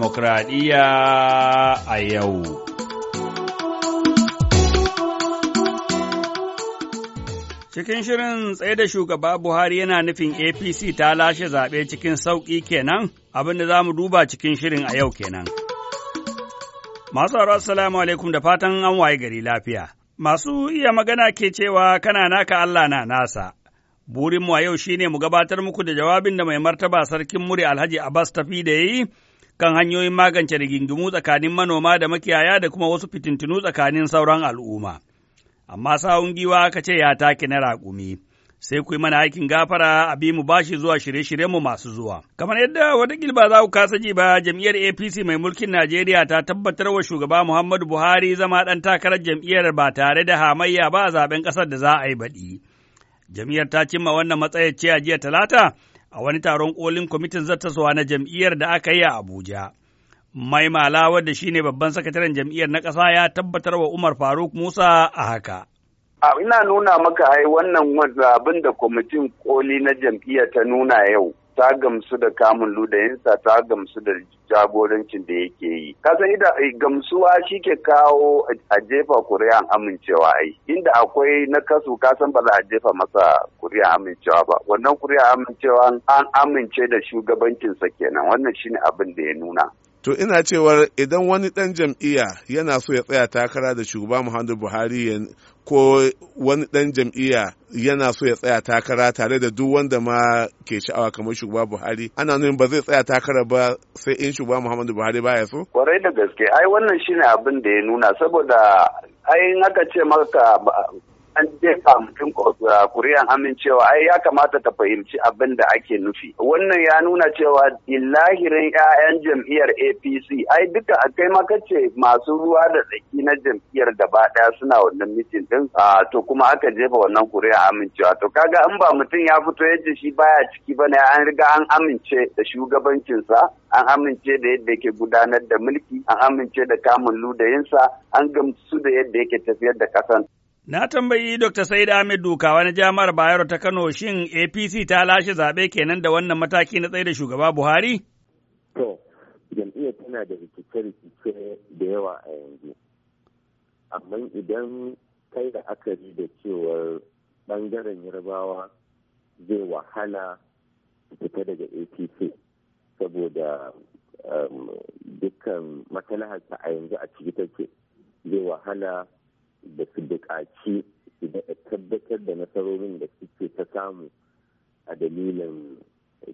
demokradiyya a yau. Cikin shirin tsaye da shugaba Buhari yana nufin APC ta lashe zaɓe cikin sauƙi kenan abin da za mu duba cikin shirin a yau kenan. Masu haro assalamu alaikum da fatan an waye gari lafiya. Masu iya magana ke cewa kana naka Allah na nasa. Burinmu a yau shine mu gabatar muku da jawabin da mai martaba sarkin muri Alhaji Abbas tafi da yi kan hanyoyin magance rigingimu tsakanin manoma da makiyaya da kuma wasu fitintunu tsakanin sauran al'umma. Amma sawun giwa aka ce ya take na raƙumi. Sai ku yi mana aikin gafara a bi mu bashi zuwa shirye-shiryenmu masu zuwa. Kamar yadda wata ba za ku kasa ji ba, jam'iyyar APC mai mulkin Najeriya ta tabbatar wa shugaba Muhammadu Buhari zama ɗan takarar jam'iyyar ba tare da hamayya ba a zaben ƙasar da za a yi baɗi. Jam'iyyar ta cimma wannan matsayar ce a jiya Talata, a wani taron kolin kwamitin zattaswa na jam'iyyar da aka yi a Abuja. Mai Mala wadda ne babban sakataren jam'iyyar na ƙasa ya tabbatar wa Umar Faruk Musa a haka. ina nuna maka ai wannan abin da kwamitin koli na jam'iyyar ta nuna yau ta gamsu da kamun ludayinsa ta gamsu da jagorancin da yake yi kasan ida eh, gamsuwa shi ke kawo a jefa kuri'an amincewa ai inda akwai na kasu kasan ba za a jefa masa kuri'a amincewa ba wannan kuri'a amincewa an amince da shugabancinsa kenan wannan shine abin da ya nuna To ina cewar idan wani ɗan jam'iyya yana so ya tsaya takara da shugaba Muhammadu Buhari ko wani ɗan jam'iyya yana so ya tsaya takara tare da duk wanda ma ke sha'awa kamar shugaba Buhari ana nuna ba zai tsaya takara ba sai in shugaba Muhammadu Buhari baya so kwarai da gaske ai wannan shine abin da ya nuna saboda ai in aka ce maka an jefa mutum kuri'an amincewa ai ya kamata ta fahimci abin da ake nufi wannan ya nuna cewa illahirin 'ya'yan jam'iyyar apc ai duka kai kaimaka ce masu ruwa da tsaki na jam'iyyar gaba daya suna wannan mitin din to kuma aka jefa wannan kuriyan amincewa to kaga in ba mutum ya fito yadda shi baya ciki bane an riga an amince da shugabancinsa an amince da yadda yake gudanar da mulki an amince da kamun ludayinsa an gamsu da yadda yake tafiyar da kasan Na tambayi Dr. Said Ahmed Dukawa na jami'ar Bayero ta Kano shin APC ta lashe zaɓe kenan da wannan mataki na tsaye da shugaba Buhari? To, jam'iyyar tana da rikice-rikice da yawa a yanzu. Amma idan kai da da cewar ɓangaren yarbawa zai wahala fita daga APC saboda um, dukkan matsalaharsa a yanzu a ciki take zai wahala da su buƙaci a tabbatar da nasarorin da suke ta samu a dalilin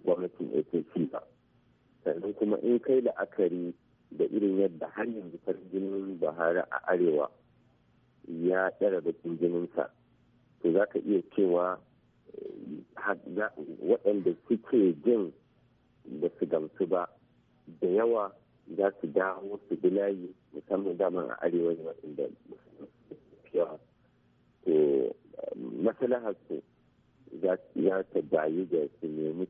gwamnatin APC ba. Sannan kuma in kai la'akari da irin yadda har yanzu farin jinin Buhari a Arewa ya ɗara bakin jininsa, to za ka iya cewa eh, waɗanda suke jin da su gamsu ba da yawa za su dawo su bi layi musamman daman a arewa ne waɗanda da eh, maslahar su za ta bayi ga su nemi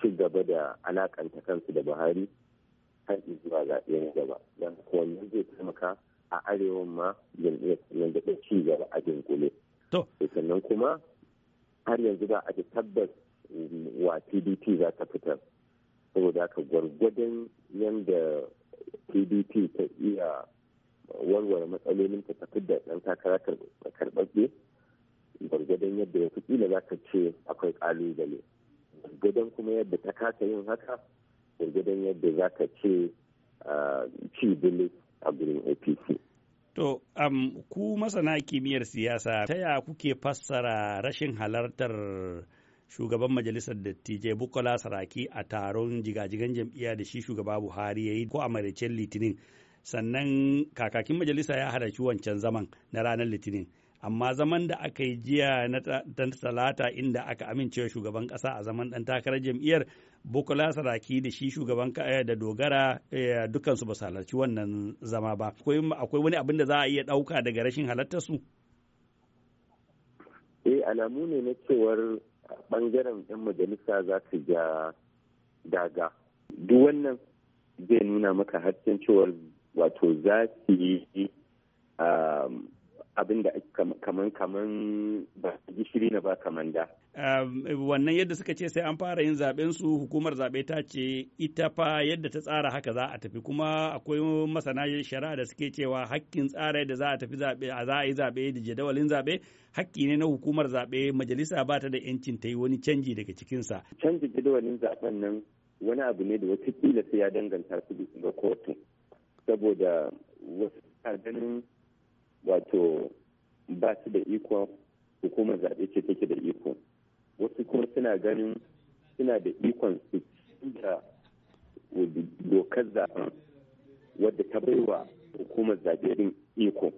ci gaba da alakanta kansu da buhari har zuwa zaɓen gaba don wannan zai taimaka a arewa ma yan nan da ci gaba a dinkule. To. Sannan kuma har yanzu ba a ji tabbas wa PDP za ta fitar. Saboda haka gwargwadon yadda PDP ta iya warware matsalolin ta tafi da ɗan takara karɓaɓɓe gwargwadon yadda ya kila za ka ce akwai ƙalubale gwargwadon kuma yadda ta kasa yin haka gwargwadon yadda za ka ce ci bilis a gurin apc To, um, ku masana kimiyyar siyasa, ta ya kuke fassara rashin halartar shugaban majalisar dattijai Bukola Saraki a taron jigajigan jam'iyya da shi shugaba Buhari ya yi ko a maraicen Litinin sannan kakakin majalisa ya halarci wancan zaman na ranar litinin amma zaman da aka yi jiya na talata inda aka amincewa shugaban kasa a zaman dan takarar jam'iyyar bukola saraki da shi shugaban eh, da dogara eh, dukansu ba su halarci wannan zama ba akwai wani abin da za a iya ɗauka daga rashin halartarsu eh alamu ne na cewar bangaren 'yan majalisa za su ja daga duk wannan zai nuna maka hasken cewar wato za su yi um, abin da kaman kamar ba gishiri na ba kaman da. Um, wannan yadda suka ce sai an fara yin zaben su hukumar zaɓe ta ce ita fa yadda ta tsara haka za a tafi kuma akwai masana shari'a da suke cewa hakkin tsara yadda za a tafi zaɓe a za a yi zaɓe da jadawalin zaɓe hakki ne na hukumar zaɓe majalisa ba ta da yancin ta yi wani canji daga cikinsa. Canji jadawalin zaɓen nan wani abu ne da wata kila sai ya danganta su ga kotu. saboda wasu ganin wato ba su da iko hukumar zaɓe ce take da iko wasu kuma suna ganin suna da ikon su da dokar zaɓen wadda ta bai wa hukumar zaɓe din iko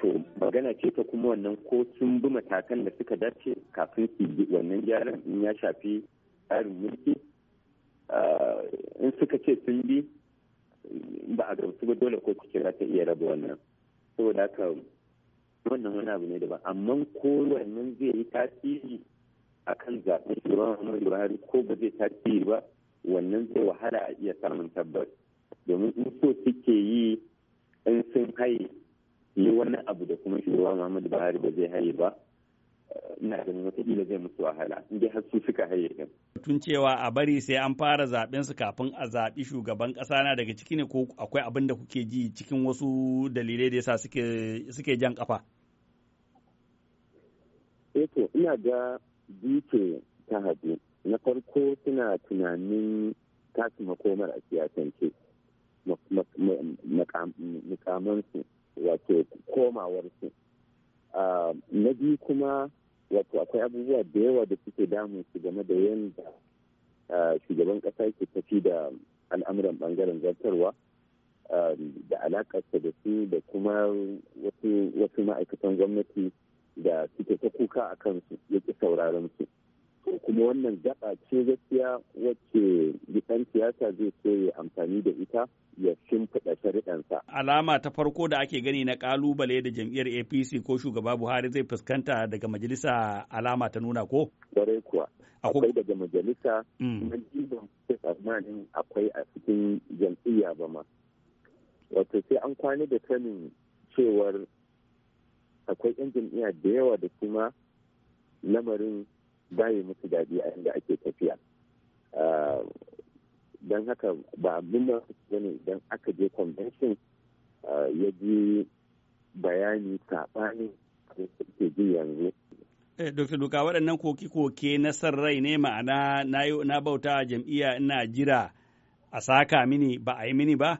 to magana ce ta kuma wannan ko sun bi matakan da suka dace kafin su wannan gyaran in ya shafi tsarin mulki in suka ce sun bi ba a gamsu ba dole ko kuke za ta iya raba wannan saboda haka wannan wani abu ne da ba amma ko wannan zai yi tasiri akan zaɓen shugaban Muhammadu Buhari ko ba zai tasiri ba wannan zai wahala a iya samun tabbas domin in so suke yi in sun haye yi wani abu da kuma shugaban Muhammadu Buhari ba zai haye ba ina ganin wataƙila zai musu wahala in dai har su suka haye Tun cewa a bari sai an fara zaben su kafin a zaɓi shugaban ƙasa na daga ciki ne ko akwai abin da kuke ji cikin wasu dalilai da yasa suke suke jan kafa. Eh to ina ga duke ta haɗu na farko suna tunanin tasu makomar a siyasance mukamansu wato komawarsu ah, na biyu kuma wato akwai abubuwa da yawa da suke damun su game da yadda shugaban kasa ke tafi da al'amuran bangaren zartarwa da alakarsa da su da kuma wasu ma'aikatan gwamnati da suke ta kuka a kansu ya ƙi sauraron su ko kuma wannan gaba ce gaskiya wacce gidan siyasa zai so ya amfani da ita ya shimfiɗa shari'ansa. Alama ta farko da ake gani na kalubale da jam'iyyar APC ko shugaba Buhari zai fuskanta daga majalisa alama ta nuna ko? Kwarai kuwa. Akwai daga majalisa, mm. tsammanin akwai a cikin jam'iyya ba ma. Wato sai an kwana da sanin cewar akwai 'yan jam'iyya da yawa da kuma lamarin bayi musu daɗi a inda ake tafiya ah, don haka ba abin da ne idan aka je convention ah, ya ji bayani saɓani da suke ji yanzu eh, Dr. Duka waɗannan koke-koke na san rai ne ma'ana na bauta jam'iyya ina jira a saka mini ba a yi mini ba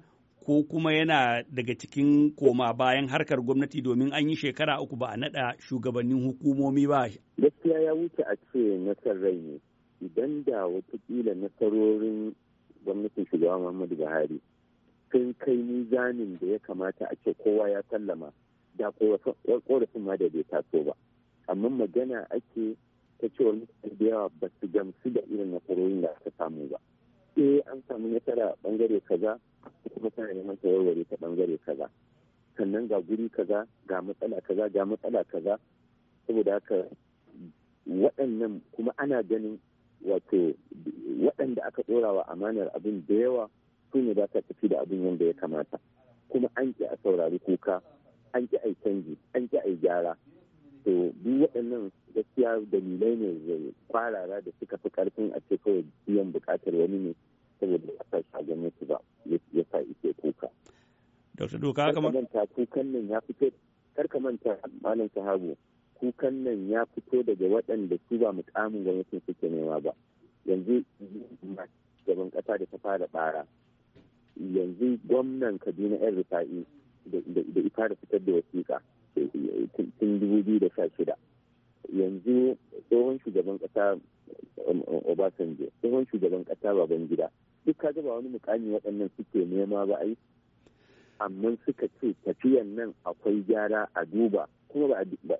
ko kuma yana daga cikin koma bayan harkar gwamnati domin an yi shekara uku ba a naɗa shugabannin hukumomi ba. Gaskiya ya wuce a ce nasar rai ne idan da watakila nasarorin gwamnatin shugaba Muhammadu Buhari sun kai zanin da ya kamata a ce kowa ya sallama da korafin ma da bai taso ba. Amma magana ake ta cewa mutane da yawa ba su gamsu da irin nasarorin da aka samu ba. eh an samu nasara bangare kaza kuma tana neman ta warware ta bangare kaza sannan ga guri kaza ga matsala kaza ga matsala kaza saboda haka waɗannan kuma ana ganin wato waɗanda aka ɗorawa amanar abin da yawa su ne za ka tafi da abin yadda ya kamata kuma an ƙi a saurari kuka an ƙi a yi canji an ƙi a yi gyara to duk waɗannan gaskiya dalilai ne kwarara da suka fi karfin a ce kawai biyan bukatar wani ne saboda ba sa shi gwamnati ba ya sa ike kuka. Dr. Doka kama? manta kukan nan ya fito karka manta malam sahabu kukan nan ya fito daga waɗanda su ba mukamin gwamnatin suke nema ba yanzu gaban ƙasa da ta fara bara yanzu gwamnan kaduna yan rufa'i da ita da fitar da wasiƙa tun 2016 yanzu tsohon shugaban kasa um, um, obasanjo tsohon shugaban kasa baban gida duk ka ba wani mukami waɗannan suke nema ba ai amma suka ce tafiyan nan akwai gyara a duba kuma ba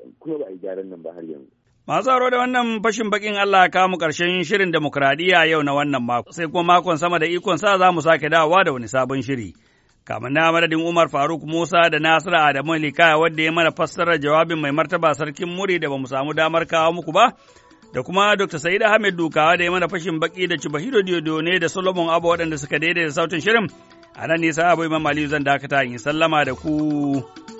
a yi gyaran nan ba har yanzu Masu tsaro da wannan fashin bakin Allah ka mu karshen shirin demokradiyya yau na wannan mako, sai kuma makon sama da ikon sa za mu sake dawowa da wani sabon shiri. Kamar na madadin Umar Faruk Musa da Nasiru Adamu Likaya wadda ya mana fassarar jawabin mai martaba sarkin muri da bamu samu damar kawo muku ba, da kuma Dr. Sa'id Ahmed Dukawa da ya mana fashin baki da Cibahiro Diodo ne da Solomon Abu waɗanda suka daidaita sautin shirin. A nan nisa Abu Imam Aliyu zan dakata in sallama da ku